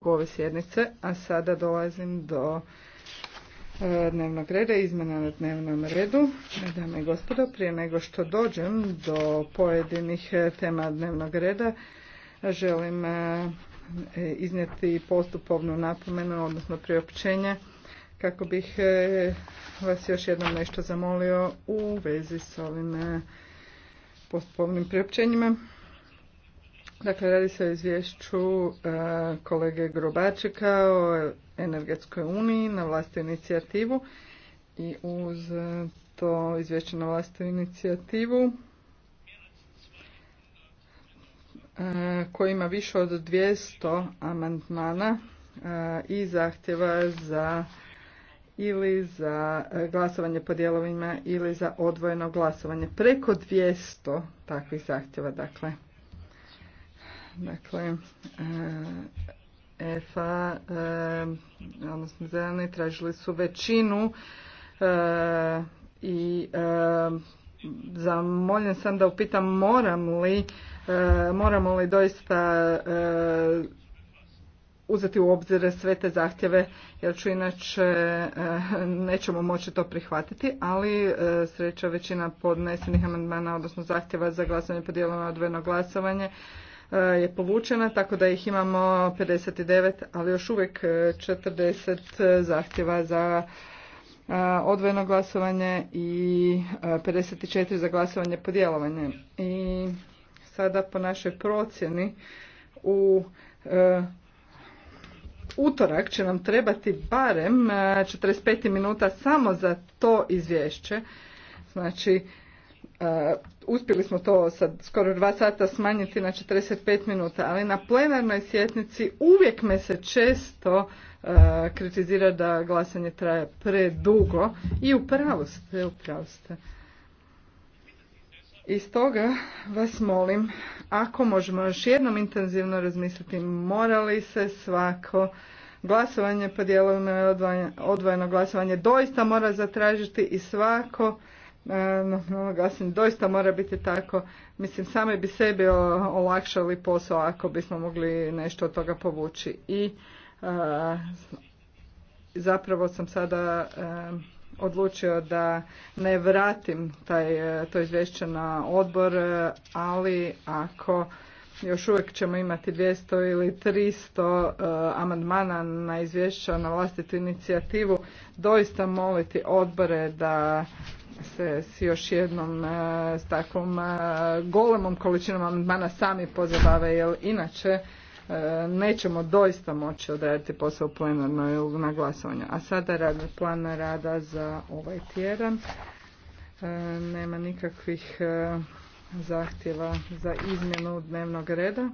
ove sjednice, a sada dolazim do e, dnevnog reda, izmjena na dnevnom redu. Dame i gospodo, prije nego što dođem do pojedinih e, tema dnevnog reda, želim e, iznijeti postupovnu napomenu, odnosno priopćenje, kako bih vas još jednom nešto zamolio u vezi s ovim postupovnim priopćenjima. Dakle, radi se o izvješću e, kolege Grobačeka o energetskoj uniji na vlastitu inicijativu i uz to izvješće na vlastu inicijativu e, koji ima više od 200 amandmana e, i zahtjeva za ili za glasovanje po dijelovima ili za odvojeno glasovanje. Preko 200 takvih zahtjeva, dakle. Dakle, EFA, e, odnosno zeleni, tražili su većinu e, i e, zamoljen sam da upitam moram li, moramo li doista uzeti u obzir sve te zahtjeve jer ću inače nećemo moći to prihvatiti, ali sreća većina podnesenih amandmana odnosno zahtjeva za glasanje pod odvojeno glasovanje je povučena, tako da ih imamo 59, ali još uvijek 40 e, e, zahtjeva za e, odvojeno glasovanje i 54 za glasovanje po djelovanju. I sada po našoj procjeni u utorak će nam trebati barem 45 minuta samo za to izvješće. Znači, Uh, uspjeli smo to sad skoro dva sata smanjiti na 45 minuta, ali na plenarnoj sjetnici uvijek me se često uh, kritizira da glasanje traje predugo i u pravu ste, u I stoga vas molim, ako možemo još jednom intenzivno razmisliti, mora li se svako glasovanje po dijelovima odvojeno glasovanje doista mora zatražiti i svako Ehm, gasim, doista mora biti tako. Mislim, sami bi sebi olakšali posao ako bismo mogli nešto od toga povući. I eh, zapravo sam sada ehm, odlučio da ne vratim taj, eh, to izvješće na odbor, eh, ali ako još uvijek ćemo imati 200 ili 300 amandmana na izvješća na vlastitu inicijativu, doista moliti odbore da se s još jednom e, s takvom e, golemom količinom amandmana sami pozabave jer inače e, nećemo doista moći odraditi posao plenarno na glasovanju. A sada radni plan rada za ovaj tjedan. Nema nikakvih zahtjeva za izmjenu dnevnog reda.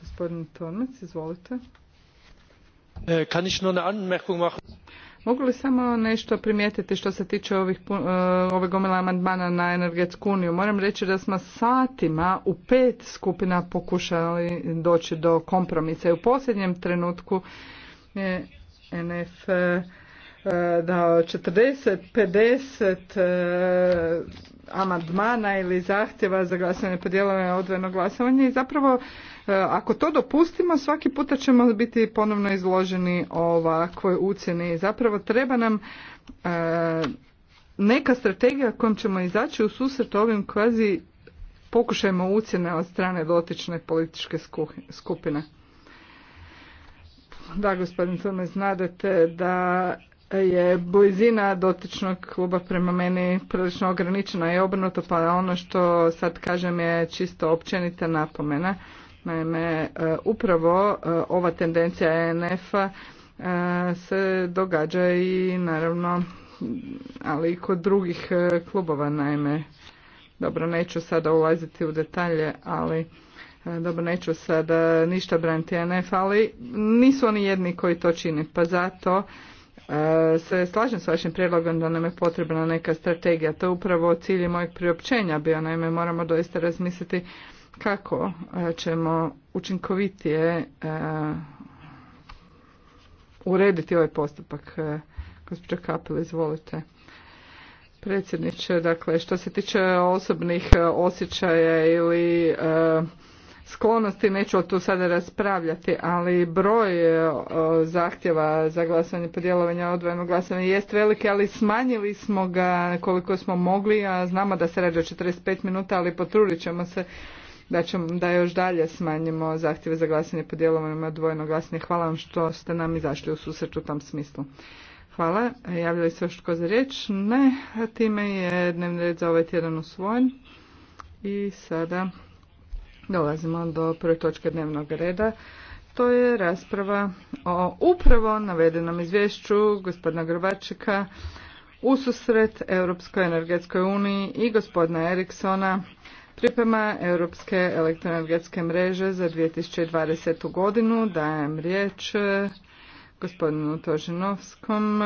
Gospodin Tornac, izvolite. Kan ich nur eine Anmerkung machen? Mogu li samo nešto primijetiti što se tiče ovih, e, ove gomila amandmana na energetsku uniju? Moram reći da smo satima u pet skupina pokušali doći do kompromisa i u posljednjem trenutku je NF e, e, dao 40, 50 amandmana ili zahtjeva za glasanje po odvojeno glasovanje i zapravo e, ako to dopustimo svaki puta ćemo biti ponovno izloženi ovakvoj ucjeni i zapravo treba nam e, neka strategija kojom ćemo izaći u susret ovim kvazi pokušajmo ucjene od strane dotične političke skupine. Da, gospodin tome znadete da je blizina dotičnog kluba prema meni prilično ograničena i obrnuto, pa ono što sad kažem je čisto općenita napomena. Naime, e, upravo e, ova tendencija ENF-a e, se događa i naravno, ali i kod drugih klubova, naime. Dobro, neću sada ulaziti u detalje, ali dobro, neću sada ništa braniti ENF, ali nisu oni jedni koji to čine, pa zato E, se slažem s vašim prijedlogom da nam je potrebna neka strategija. To je upravo cilj mojeg priopćenja bio. Naime, moramo doista razmisliti kako e, ćemo učinkovitije e, urediti ovaj postupak. Gospođa Kapil, izvolite. Predsjedniče, dakle, što se tiče osobnih osjećaja ili sklonosti, neću tu sada raspravljati, ali broj e, zahtjeva za glasanje podjelovanja odvojeno glasanje jest veliki, ali smanjili smo ga koliko smo mogli, a znamo da se rađa 45 minuta, ali potrudit ćemo se da, ćemo, da još dalje smanjimo zahtjeve za glasanje po odvojeno glasanje. Hvala vam što ste nam izašli u susret u tom smislu. Hvala. Javlja li se još tko za riječ? Ne. A time je dnevni red za ovaj tjedan usvojen. I sada Dolazimo do prve točke dnevnog reda. To je rasprava o upravo navedenom izvješću gospodina u susret Europskoj energetskoj uniji i gospodina Eriksona priprema Europske elektroenergetske mreže za 2020. godinu. Dajem riječ gospodinu Tožinovskom.